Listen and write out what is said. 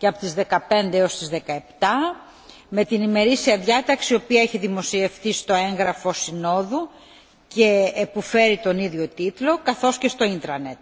και από τις 15 έως τις 17 με την ημερήσια διάταξη η οποία έχει δημοσιευτεί στο έγγραφο συνόδου και που φέρει τον ίδιο τίτλο καθώς και στο ίντρανετ.